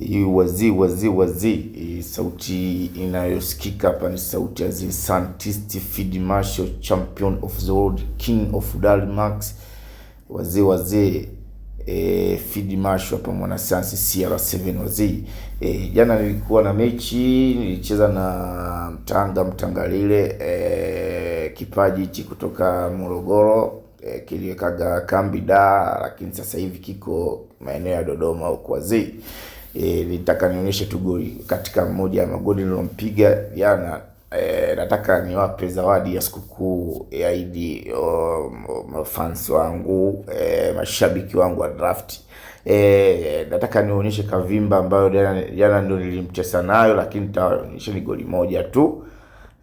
hii wazi wazi wazi, sauti inayosikika hapa ni sauti ya the scientist Field Marshal champion of the world king of Dalmax. Wazee wazee e, Fid Marshall hapa mwana mwanasayansi CR7 wazee e, jana nilikuwa na mechi nilicheza na Mtanga Mtangalile e, kipaji hichi kutoka Morogoro e, kiliwekaga kambi da, lakini sasa hivi kiko maeneo ya Dodoma huko wazee e, nitaka nionyeshe tu goli katika mmoja ya magoli nilompiga jana. E, nataka niwape zawadi ya sikukuu ya Idi mafans wangu e, mashabiki wangu wa draft e, nataka nionyeshe kavimba ambayo jana ndio nilimchesa nayo, lakini nitaonyesha ni goli moja tu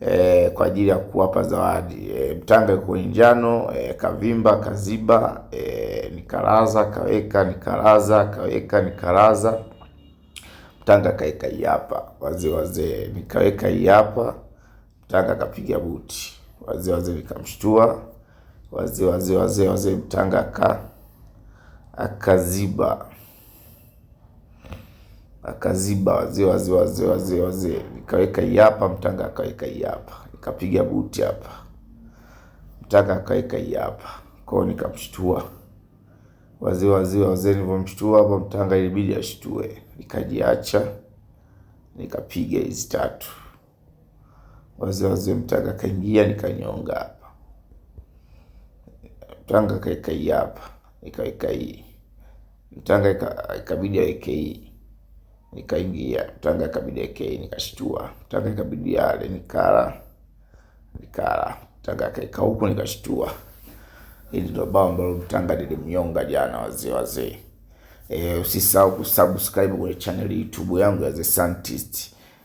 e, kwa ajili ya kuwapa zawadi e, mtanga yuko njano e, kavimba kaziba e, nikaraza kaweka nikaraza kaweka nikaraza Tanga kaeka hapa, wazee wazee nikaweka hapa. mtanga kapiga buti, wazee wazee nikamshtua, wazee wazee wazee wazee Mtanga ka akaziba akaziba wazee wazee wazee wazee wazee, nikaweka hapa, Mtanga akaweka hapa, nikapiga buti hapa, Mtanga akaweka hapa, kwao nikamshtua wazee wazee wazee, nilivyomshtua hapa mtanga ilibidi ashtue, nikajiacha nikapiga hizi tatu, wazee wazee, mtanga kaingia, nikanyonga hapa, mtanga kaeka hii hapa, nikaweka hii, mtanga ikabidi aweke hii, nikaingia, mtanga ikabidi aweke hii, nikashtua, mtanga ikabidi ale, nikala nikala, mtanga akaeka huku, nikashtua Hili ndio bao ambalo Mtanga nilimnyonga jana, wazee wazee. E, usisahau kusubscribe kwenye channel YouTube yangu ya The Scientist.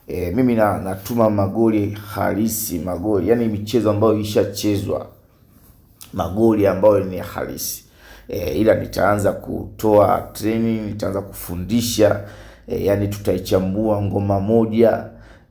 E, mimi na, natuma magoli halisi, magoli yani michezo ambayo ishachezwa, magoli ambayo ni halisi. E, ila nitaanza kutoa training, nitaanza kufundisha e, yani tutaichambua ngoma moja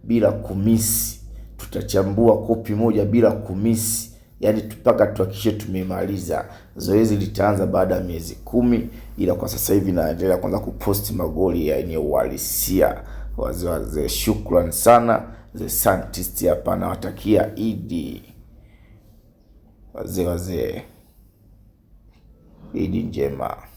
bila kumisi, tutachambua kopi moja bila kumisi yani mpaka tuhakikishe tumemaliza. Zoezi litaanza baada ya miezi kumi, ila kwa sasa hivi naendelea kwanza kuposti magoli yenye yaani uhalisia. Wazee wazee, shukran sana The Scientist hapa nawatakia Idi, wazee wazee, Idi njema.